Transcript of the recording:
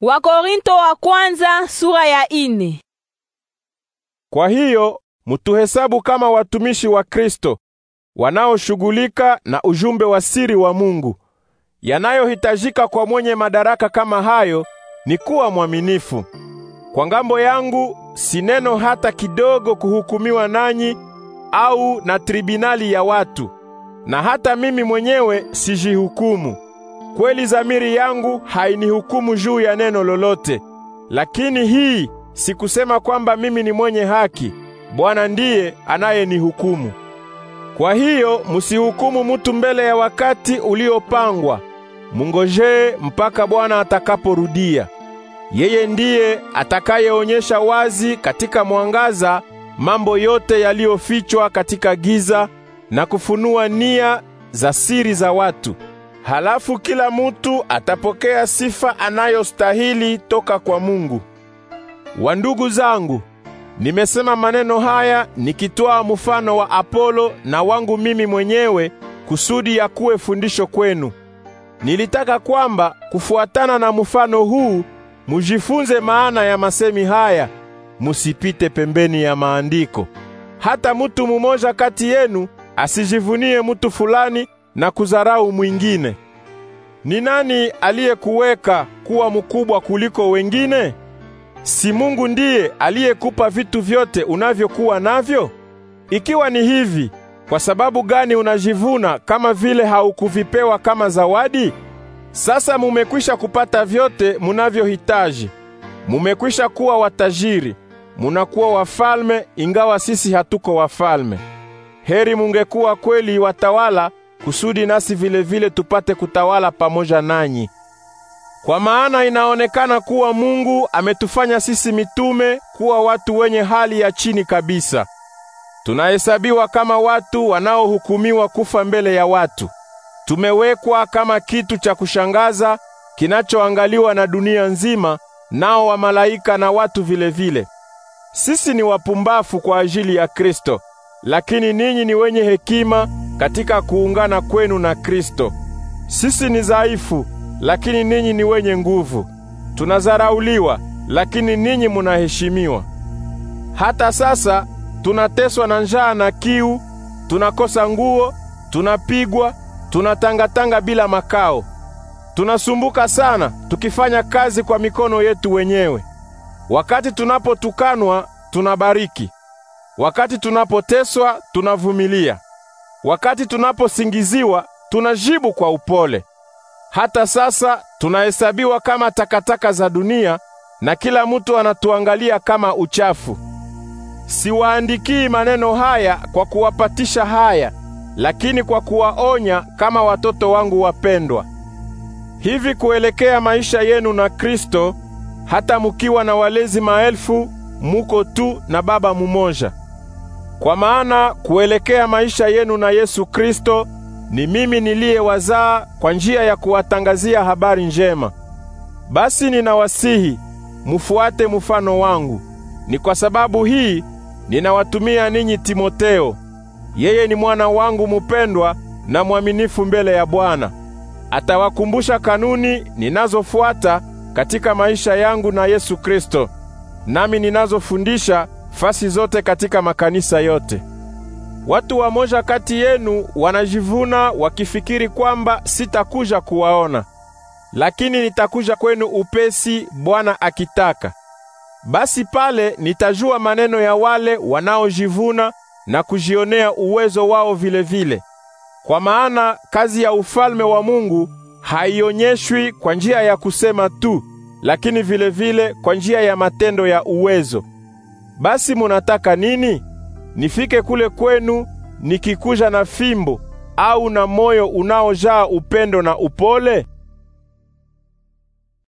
Wakorinto wa kwanza sura ya ine. Kwa hiyo mutuhesabu kama watumishi wa Kristo wanaoshughulika na ujumbe wa siri wa Mungu. Yanayohitajika kwa mwenye madaraka kama hayo ni kuwa mwaminifu. Kwa ngambo yangu si neno hata kidogo kuhukumiwa nanyi au na tribinali ya watu, na hata mimi mwenyewe sijihukumu. Kweli zamiri yangu hainihukumu juu ya neno lolote, lakini hii si kusema kwamba mimi ni mwenye haki. Bwana ndiye anayenihukumu. Kwa hiyo msihukumu mutu mbele ya wakati uliopangwa. Mungojee mpaka Bwana atakaporudia. Yeye ndiye atakayeonyesha wazi katika mwangaza mambo yote yaliyofichwa katika giza na kufunua nia za siri za watu. Halafu kila mutu atapokea sifa anayostahili toka kwa Mungu. Wandugu zangu, nimesema maneno haya nikitoa mfano wa Apolo na wangu mimi mwenyewe kusudi ya kuwe fundisho kwenu. Nilitaka kwamba kufuatana na mfano huu mujifunze maana ya masemi haya, musipite pembeni ya maandiko. Hata mutu mumoja kati yenu asijivunie mutu fulani na kudharau mwingine? Ni nani aliyekuweka kuwa mkubwa kuliko wengine? Si Mungu ndiye aliyekupa vitu vyote unavyokuwa navyo? Ikiwa ni hivi, kwa sababu gani unajivuna kama vile haukuvipewa kama zawadi? Sasa mumekwisha kupata vyote munavyohitaji. Mumekwisha kuwa watajiri, munakuwa wafalme ingawa sisi hatuko wafalme. Heri mungekuwa kweli watawala kusudi nasi vilevile vile tupate kutawala pamoja nanyi. Kwa maana inaonekana kuwa Mungu ametufanya sisi mitume kuwa watu wenye hali ya chini kabisa. Tunahesabiwa kama watu wanaohukumiwa kufa mbele ya watu. Tumewekwa kama kitu cha kushangaza kinachoangaliwa na dunia nzima, nao wa malaika na watu vilevile vile. Sisi ni wapumbafu kwa ajili ya Kristo, lakini ninyi ni wenye hekima katika kuungana kwenu na Kristo. Sisi ni dhaifu, lakini ninyi ni wenye nguvu. tunazarauliwa lakini ninyi munaheshimiwa. Hata sasa tunateswa na njaa na kiu, tunakosa nguo, tunapigwa, tunatangatanga bila makao. Tunasumbuka sana tukifanya kazi kwa mikono yetu wenyewe. Wakati tunapotukanwa tunabariki, wakati tunapoteswa tunavumilia. Wakati tunaposingiziwa, tunajibu kwa upole. Hata sasa tunahesabiwa kama takataka za dunia na kila mtu anatuangalia kama uchafu. Siwaandikii maneno haya kwa kuwapatisha haya, lakini kwa kuwaonya kama watoto wangu wapendwa. Hivi kuelekea maisha yenu na Kristo, hata mukiwa na walezi maelfu, muko tu na baba mumoja. Kwa maana kuelekea maisha yenu na Yesu Kristo ni mimi niliyewazaa kwa njia ya kuwatangazia habari njema. Basi ninawasihi mufuate mfano wangu. Ni kwa sababu hii ninawatumia ninyi Timoteo. Yeye ni mwana wangu mupendwa na mwaminifu mbele ya Bwana. Atawakumbusha kanuni ninazofuata katika maisha yangu na Yesu Kristo, nami ninazofundisha fasi zote katika makanisa yote. Watu wamoja kati yenu wanajivuna wakifikiri kwamba sitakuja kuwaona, lakini nitakuja kwenu upesi, Bwana akitaka. Basi pale nitajua maneno ya wale wanaojivuna na kujionea uwezo wao vilevile vile. Kwa maana kazi ya ufalme wa Mungu haionyeshwi kwa njia ya kusema tu, lakini vile vile kwa njia ya matendo ya uwezo. Basi munataka nini? Nifike kule kwenu nikikuja na fimbo au na moyo unaojaa upendo na upole?